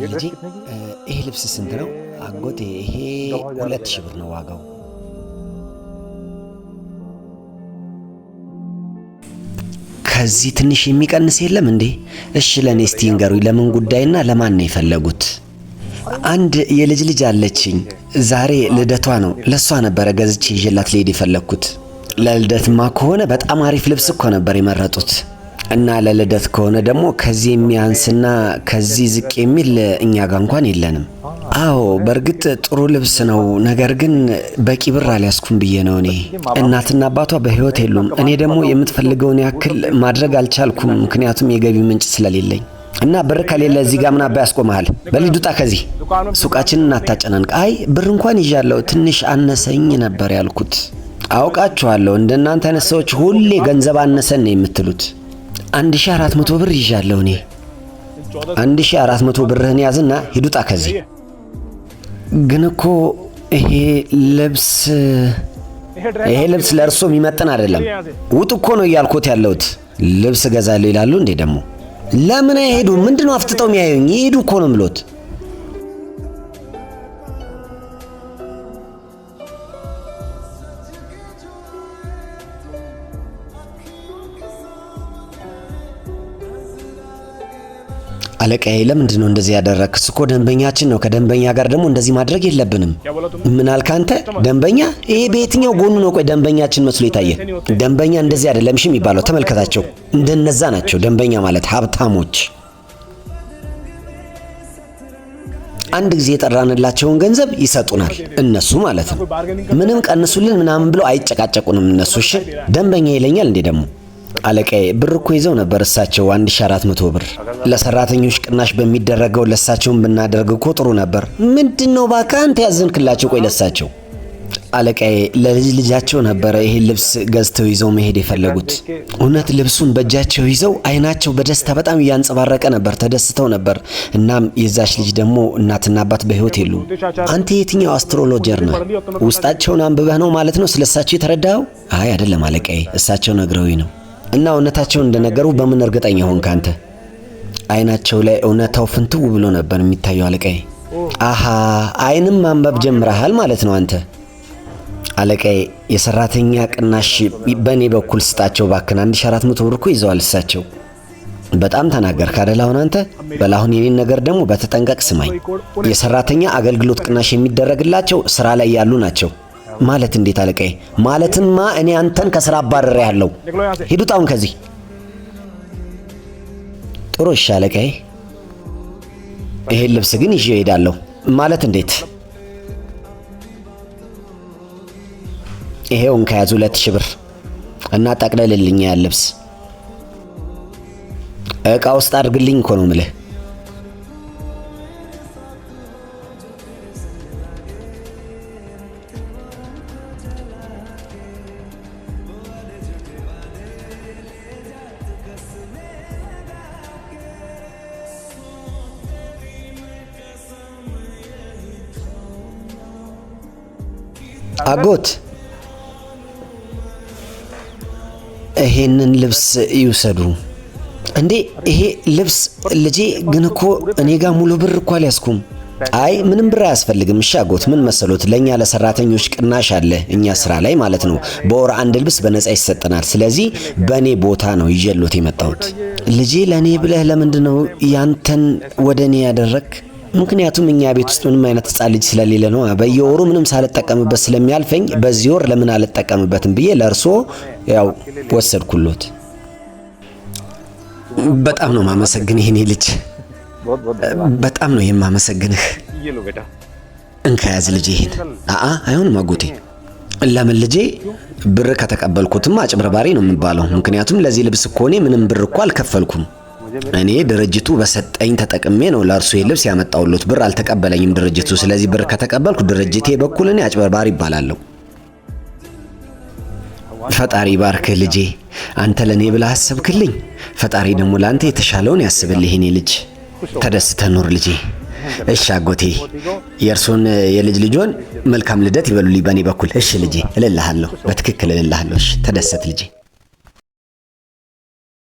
ልጄ ይሄ ልብስ ስንት ነው አጎቴ? ይሄ ሁለት ሺህ ብር ነው ዋጋው። ከዚህ ትንሽ የሚቀንስ የለም እንዴ? እሺ ለእኔ እስቲ ንገሩኝ፣ ለምን ጉዳይና ለማን ነው የፈለጉት? አንድ የልጅ ልጅ አለችኝ። ዛሬ ልደቷ ነው። ለእሷ ነበረ ገዝቼ ይዤላት ልሄድ የፈለግኩት። ለልደትማ ከሆነ በጣም አሪፍ ልብስ እኮ ነበር የመረጡት። እና ለልደት ከሆነ ደግሞ ከዚህ የሚያንስና ከዚህ ዝቅ የሚል እኛ ጋር እንኳን የለንም። አዎ በእርግጥ ጥሩ ልብስ ነው፣ ነገር ግን በቂ ብር አልያዝኩም ብዬ ነው እኔ። እናትና አባቷ በህይወት የሉም። እኔ ደግሞ የምትፈልገውን ያክል ማድረግ አልቻልኩም፣ ምክንያቱም የገቢ ምንጭ ስለሌለኝ እና ብር ከሌለ እዚህ ጋር ምን አባ ያስቆመሃል? በልጅ ውጣ ከዚህ ሱቃችን እናታጨናንቅ። አይ ብር እንኳን ይዣለሁ፣ ትንሽ አነሰኝ ነበር ያልኩት። አውቃችኋለሁ፣ እንደናንተ አይነት ሰዎች ሁሌ ገንዘብ አነሰን ነው የምትሉት። አንድ ሺህ አራት መቶ ብር ይዣለሁ እኔ። አንድ ሺህ አራት መቶ ብርህን ያዝና ሂዱጣ ከዚህ። ግን እኮ ይሄ ልብስ ይሄ ልብስ ለእርሶ የሚመጥን አይደለም። ውጥ እኮ ነው እያልኩት ያለሁት። ልብስ እገዛለሁ ይላሉ እንዴ ደግሞ። ለምን አይሄዱ? ምንድነው አፍጥጠው የሚያዩኝ? ይሄዱ እኮ ነው ምሎት አለቃዬ ለምንድን ነው እንደዚህ ያደረግ? ስኮ ደንበኛችን ነው። ከደንበኛ ጋር ደግሞ እንደዚህ ማድረግ የለብንም። ምን አልክ አንተ? ደንበኛ ይሄ በየትኛው ጎኑ ነው? ቆይ ደንበኛችን መስሎ የታየ ደንበኛ እንደዚህ አይደለም ሺ የሚባለው ተመልከታቸው። እንደነዛ ናቸው ደንበኛ ማለት ሀብታሞች። አንድ ጊዜ የጠራንላቸውን ገንዘብ ይሰጡናል፣ እነሱ ማለት ነው። ምንም ቀንሱልን ምናምን ብለው አይጨቃጨቁንም እነሱ። እሺ ደንበኛ ይለኛል እንዴ ደግሞ አለቃዬ ብር እኮ ይዘው ነበር እሳቸው 1400 ብር ለሰራተኞች ቅናሽ በሚደረገው ለሳቸውን ብናደርግ እኮ ጥሩ ነበር። ምንድን ነው እባክህ አንተ ያዘንክላቸው? ቆይ ለሳቸው አለቃዬ ለልጅ ልጃቸው ነበረ ይሄ ልብስ ገዝተው ይዘው መሄድ የፈለጉት። እውነት ልብሱን በእጃቸው ይዘው አይናቸው በደስታ በጣም እያንጸባረቀ ነበር፣ ተደስተው ነበር። እናም የዛች ልጅ ደግሞ እናትና አባት በህይወት የሉም። አንተ የትኛው አስትሮሎጀር ነው ውስጣቸውን አንብበህ ነው ማለት ነው ስለሳቸው የተረዳኸው? አይ አይደለም አለቃዬ፣ እሳቸው ነግረዊ ነው እና እውነታቸውን እንደነገሩ በምን እርግጠኛ ሆንክ አንተ? አይናቸው ላይ እውነታው ፍንትው ብሎ ነበር የሚታየው አለቃዬ። አሃ አይንም ማንበብ ጀምረሃል ማለት ነው አንተ። አለቃዬ የሰራተኛ ቅናሽ በእኔ በኩል ስጣቸው ባክን። 1400 ብር እኮ ይዘዋል እሳቸው። በጣም ተናገርክ አይደል አንተ። በላሁን የኔን ነገር ደግሞ በተጠንቀቅ ስማኝ። የሰራተኛ አገልግሎት ቅናሽ የሚደረግላቸው ስራ ላይ ያሉ ናቸው። ማለት እንዴት አለቃዬ? ማለትማ እኔ አንተን ከስራ አባረሬ ያለው። ሂድ አሁን ከዚህ። ጥሩ እሺ አለቃዬ። ይሄን ልብስ ግን ይዤ እሄዳለሁ። ማለት እንዴት? ይሄውን ከያዙ ሁለት ሺህ ብር እና ጠቅለልልኝ ያን ልብስ እቃ ውስጥ አድርግልኝ እኮ ነው ምልህ። አጎት ይሄንን ልብስ ይውሰዱ። እንዴ ይሄ ልብስ ልጄ፣ ግን እኮ እኔ ጋር ሙሉ ብር እኮ አልያዝኩም። አይ ምንም ብር አያስፈልግም። እሺ አጎት፣ ምን መሰሎት፣ ለእኛ ለሰራተኞች ቅናሽ አለ፣ እኛ ስራ ላይ ማለት ነው። በወር አንድ ልብስ በነፃ ይሰጠናል። ስለዚህ በእኔ ቦታ ነው ይዤሎት የመጣሁት። ልጄ፣ ለእኔ ብለህ ለምንድን ነው ያንተን ወደ እኔ ያደረግ ምክንያቱም እኛ ቤት ውስጥ ምንም አይነት ሕፃን ልጅ ስለሌለ ነው። በየወሩ ምንም ሳልጠቀምበት ስለሚያልፈኝ በዚህ ወር ለምን አልጠቀምበትም ብዬ ለእርስዎ ያው ወሰድኩሎት። በጣም ነው ማመሰግንህ የኔ ልጅ፣ በጣም ነው የማመሰግንህ። እንከያዝ ልጅ ይህን አአ አይሆንም አጎቴ። ለምን ልጄ፣ ብር ከተቀበልኩትም አጭበርባሪ ነው የምባለው። ምክንያቱም ለዚህ ልብስ እኮ እኔ ምንም ብር እኮ አልከፈልኩም። እኔ ድርጅቱ በሰጠኝ ተጠቅሜ ነው ለእርሱ ልብስ ያመጣውሉት። ብር አልተቀበለኝም ድርጅቱ። ስለዚህ ብር ከተቀበልኩ ድርጅቴ በኩል እኔ አጭበርባሪ ይባላለሁ። ፈጣሪ ባርክህ ልጄ። አንተ ለእኔ ብለህ አሰብክልኝ። ፈጣሪ ደግሞ ለአንተ የተሻለውን ያስብልህ። እኔ ልጅ ተደስተ ኑር ልጄ። እሺ አጎቴ፣ የእርሶን የልጅ ልጆን መልካም ልደት ይበሉልኝ በእኔ በኩል። እሺ ልጄ፣ እልልሃለሁ፣ በትክክል እልልሃለሁ። እሺ ተደሰት ልጄ።